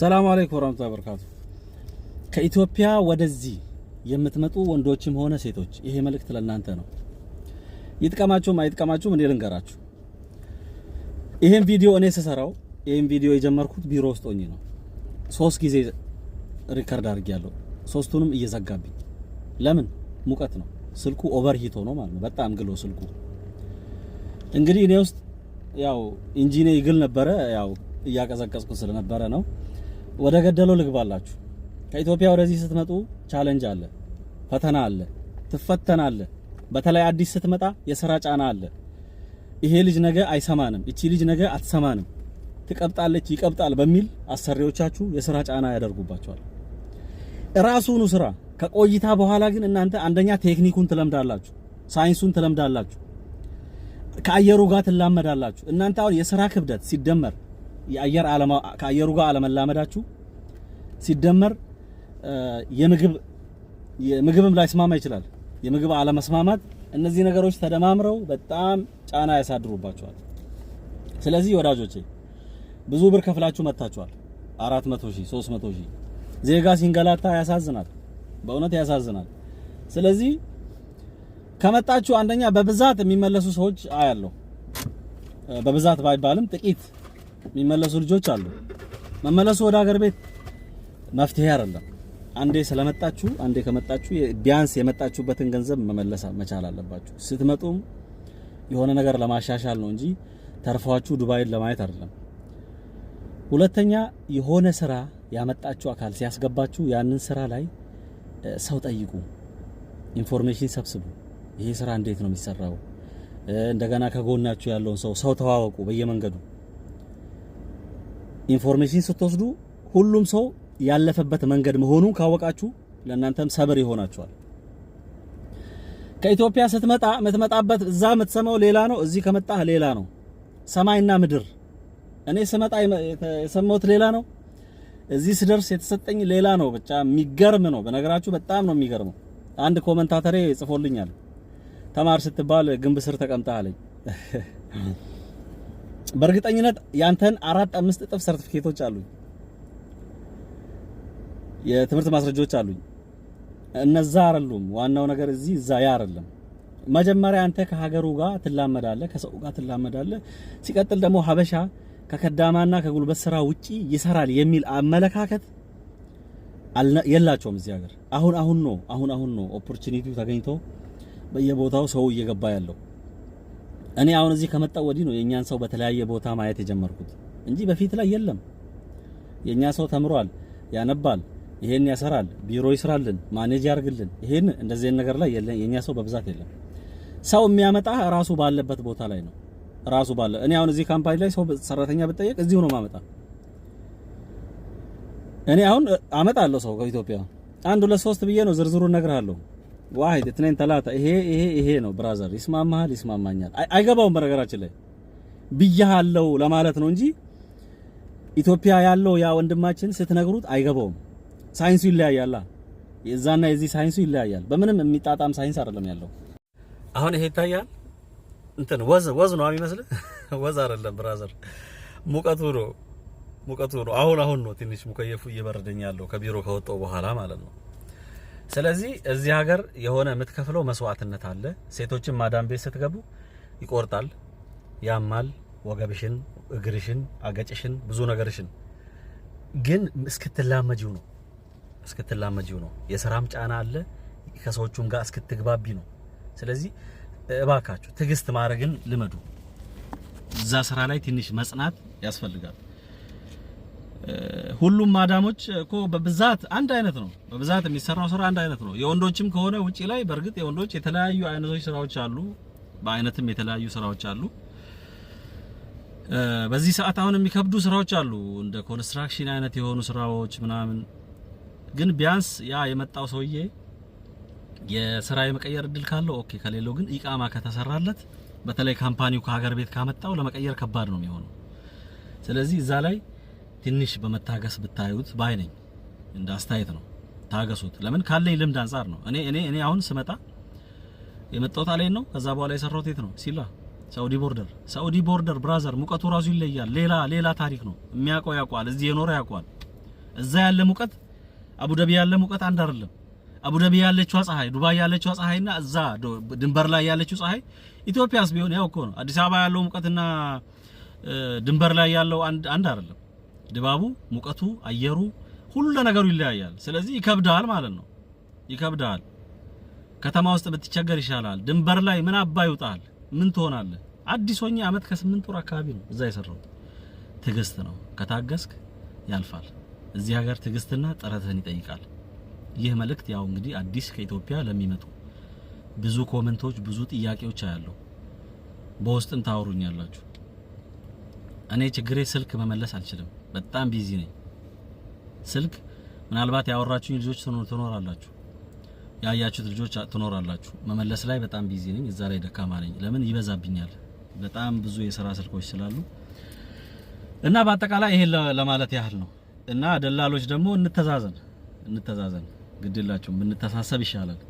ሰላም አለይኩም ወራህመቱላሂ ወበረካቱ። ከኢትዮጵያ ወደዚህ የምትመጡ ወንዶችም ሆነ ሴቶች ይሄ መልእክት ለእናንተ ነው። ይጥቀማችሁም አይጥቀማችሁም እኔ ልንገራችሁ። ይሄን ቪዲዮ እኔ ስሰራው ይሄን ቪዲዮ የጀመርኩት ቢሮ ውስጥ ሆኜ ነው። ሶስት ጊዜ ሪከርድ አድርጌያለሁ። ሶስቱንም እየዘጋብኝ ለምን? ሙቀት ነው ስልኩ ኦቨርሂት ሆኖ ማለት ነው። በጣም ግሎ ስልኩ እንግዲህ እኔ ውስጥ ያው ኢንጂኔ ይግል ነበረ ያው እያቀዘቀዝኩ ስለነበረ ነው ወደ ገደለው ልግባላችሁ። ከኢትዮጵያ ወደዚህ ስትመጡ ቻለንጅ አለ፣ ፈተና አለ፣ ትፈተናለ። በተለይ አዲስ ስትመጣ የስራ ጫና አለ። ይሄ ልጅ ነገ አይሰማንም፣ እቺ ልጅ ነገ አትሰማንም፣ ትቀብጣለች፣ ይቀብጣል በሚል አሰሪዎቻችሁ የስራ ጫና ያደርጉባቸዋል። ራሱኑ ስራ ከቆይታ በኋላ ግን እናንተ አንደኛ ቴክኒኩን ትለምዳላችሁ፣ ሳይንሱን ትለምዳላችሁ፣ ከአየሩ ጋር ትላመዳላችሁ። እናንተ አሁን የስራ ክብደት ሲደመር የአየር ከአየሩ ጋር አለመላመዳችሁ ሲደመር የምግብ ላይ ስማማ ይችላል። የምግብ አለመስማማት፣ እነዚህ ነገሮች ተደማምረው በጣም ጫና ያሳድሩባቸዋል። ስለዚህ ወዳጆቼ ብዙ ብር ከፍላችሁ መጥታችኋል። 400 ሺህ 300 ሺህ ዜጋ ሲንገላታ ያሳዝናል፣ በእውነት ያሳዝናል። ስለዚህ ከመጣችሁ አንደኛ በብዛት የሚመለሱ ሰዎች አያለሁ። በብዛት ባይባልም ጥቂት የሚመለሱ ልጆች አሉ። መመለሱ ወደ ሀገር ቤት መፍትሄ አይደለም። አንዴ ስለመጣችሁ አንዴ ከመጣችሁ ቢያንስ የመጣችሁበትን ገንዘብ መመለስ መቻል አለባችሁ። ስትመጡም የሆነ ነገር ለማሻሻል ነው እንጂ ተርፏችሁ ዱባይን ለማየት አይደለም። ሁለተኛ የሆነ ስራ ያመጣችሁ አካል ሲያስገባችሁ ያንን ስራ ላይ ሰው ጠይቁ፣ ኢንፎርሜሽን ሰብስቡ። ይሄ ስራ እንዴት ነው የሚሰራው? እንደገና ከጎናችሁ ያለውን ሰው ሰው ተዋወቁ በየመንገዱ ኢንፎርሜሽን ስትወስዱ ሁሉም ሰው ያለፈበት መንገድ መሆኑን ካወቃችሁ ለእናንተም ሰብር ይሆናችኋል። ከኢትዮጵያ ስትመጣ የምትመጣበት እዛ የምትሰማው ሌላ ነው፣ እዚህ ከመጣህ ሌላ ነው። ሰማይና ምድር እኔ ስመጣ የሰማሁት ሌላ ነው፣ እዚህ ስደርስ የተሰጠኝ ሌላ ነው። ብቻ የሚገርም ነው። በነገራችሁ በጣም ነው የሚገርመው። አንድ ኮመንታተሬ ጽፎልኛል፣ ተማር ስትባል ግንብ ስር ተቀምጣለኝ። በእርግጠኝነት ያንተን አራት አምስት እጥፍ ሰርቲፊኬቶች አሉኝ፣ የትምህርት ማስረጃዎች አሉኝ። እነዛ አይደሉም ዋናው ነገር እዚህ እዛ ያ አይደለም። መጀመሪያ አንተ ከሀገሩ ጋር ትላመዳለህ፣ ከሰው ጋር ትላመዳለህ። ሲቀጥል ደግሞ ሀበሻ ከከዳማና ከጉልበት ስራ ውጪ ይሰራል የሚል አመለካከት የላቸውም እዚህ ሀገር። አሁን አሁን ነው አሁን አሁን ነው ኦፖርቹኒቲው ተገኝቶ በየቦታው ሰው እየገባ ያለው እኔ አሁን እዚህ ከመጣ ወዲህ ነው የእኛን ሰው በተለያየ ቦታ ማየት የጀመርኩት እንጂ በፊት ላይ የለም። የእኛ ሰው ተምሯል፣ ያነባል፣ ይሄን ያሰራል፣ ቢሮ ይስራልን፣ ማኔጅ ያርግልን። ይሄን እንደዚህ ነገር ላይ የለም። የእኛ ሰው በብዛት የለም። ሰው የሚያመጣ ራሱ ባለበት ቦታ ላይ ነው። ራሱ ባለ እኔ አሁን እዚህ ካምፓኒ ላይ ሰው ሰራተኛ ብጠየቅ እዚሁ ነው ማመጣ። እኔ አሁን አመጣለሁ ሰው ከኢትዮጵያ አንድ ሁለት ሶስት ብዬ ነው ዝርዝሩን እነግርሃለሁ። ዋሂድ እትነን ተላታ ይሄ ይሄ ይሄ ነው ብራዘር፣ ይስማማሃል፣ ይስማማኛል አይገባውም። በነገራችን ላይ ብያሃለው ለማለት ነው እንጂ ኢትዮጵያ ያለው ያ ወንድማችን ስትነግሩት አይገባውም። ሳይንሱ ይለያያላ። የዛና የዚህ ሳይንሱ ይለያያል። በምንም የሚጣጣም ሳይንስ አይደለም ያለው። አሁን ይሄ ይታያል። እንትን ወዝ ወዝ ነው የሚመስል ወዝ አይደለም ብራዘር፣ ሙቀቱ ነው ሙቀቱ ነው። አሁን አሁን ነው ትንሽ ሙከየፉ እየበረደኝ ያለው ከቢሮ ከወጣው በኋላ ማለት ነው። ስለዚህ እዚህ ሀገር የሆነ የምትከፍለው መስዋዕትነት አለ። ሴቶችን ማዳም ቤት ስትገቡ ይቆርጣል፣ ያማል፣ ወገብሽን፣ እግርሽን፣ አገጭሽን፣ ብዙ ነገርሽን ግን እስክትላመጂው ነው እስክትላመጂው ነው። የስራም ጫና አለ፣ ከሰዎቹም ጋር እስክትግባቢ ነው። ስለዚህ እባካችሁ ትዕግስት ማድረግን ልመዱ። እዛ ስራ ላይ ትንሽ መጽናት ያስፈልጋል። ሁሉም ማዳሞች እኮ በብዛት አንድ አይነት ነው። በብዛት የሚሰራው ስራ አንድ አይነት ነው። የወንዶችም ከሆነ ውጪ ላይ በእርግጥ የወንዶች የተለያዩ አይነቶች ስራዎች አሉ። በአይነትም የተለያዩ ስራዎች አሉ። በዚህ ሰዓት አሁን የሚከብዱ ስራዎች አሉ፣ እንደ ኮንስትራክሽን አይነት የሆኑ ስራዎች ምናምን። ግን ቢያንስ ያ የመጣው ሰውዬ የስራ የመቀየር እድል ካለው ኦኬ፣ ከሌለው ግን ኢቃማ ከተሰራለት፣ በተለይ ካምፓኒው ከሀገር ቤት ካመጣው ለመቀየር ከባድ ነው የሚሆነው። ስለዚህ እዛ ላይ ትንሽ በመታገስ ብታዩት ባይ ነኝ። እንደ አስተያየት ነው። ታገሱት። ለምን ካለኝ ልምድ አንጻር ነው። እኔ እኔ እኔ አሁን ስመጣ የመጣሁት አለኝ ነው። ከዛ በኋላ የሰራሁት የት ነው ሲላ ሳውዲ ቦርደር፣ ሳውዲ ቦርደር ብራዘር፣ ሙቀቱ ራሱ ይለያል። ሌላ ሌላ ታሪክ ነው። የሚያውቀው ያውቀዋል። እዚህ የኖረ ያውቀዋል። እዛ ያለ ሙቀት አቡዳቢ ያለ ሙቀት አንድ አይደለም። አቡዳቢ ያለችው ፀሐይ፣ ዱባይ ያለችው ፀሐይና እዛ ድንበር ላይ ያለችው ፀሐይ ኢትዮጵያስ ቢሆን ያው እኮ ነው። አዲስ አበባ ያለው ሙቀትና ድንበር ላይ ያለው አንድ አንድ አይደለም። ድባቡ፣ ሙቀቱ፣ አየሩ፣ ሁሉ ነገሩ ይለያያል። ስለዚህ ይከብዳል ማለት ነው። ይከብዳል። ከተማ ውስጥ ብትቸገር ይሻላል። ድንበር ላይ ምን አባ ይውጣል? ምን ትሆናለህ? አዲስ ሆኜ አመት ከስምንት ወር አካባቢ ነው እዛ የሰራሁት። ትዕግስት ነው። ከታገስክ ያልፋል። እዚህ ሀገር ትዕግስትና ጥረትህን ይጠይቃል። ይህ መልእክት ያው እንግዲህ አዲስ ከኢትዮጵያ ለሚመጡ ብዙ ኮመንቶች፣ ብዙ ጥያቄዎች አያለሁ። በውስጥም ታወሩኛላችሁ። እኔ ችግሬ ስልክ መመለስ አልችልም። በጣም ቢዚ ነኝ። ስልክ ምናልባት ያወራችሁኝ ልጆች ትኖራላችሁ፣ ያያችሁት ልጆች ትኖራላችሁ። መመለስ ላይ በጣም ቢዚ ነኝ፣ እዛ ላይ ደካማ ነኝ። ለምን ይበዛብኛል፣ በጣም ብዙ የስራ ስልኮች ስላሉ እና በአጠቃላይ ይሄን ለማለት ያህል ነው። እና ደላሎች ደግሞ እንተዛዘን፣ እንተዛዘን ግድላችሁ፣ ብንተሳሰብ ይሻላል።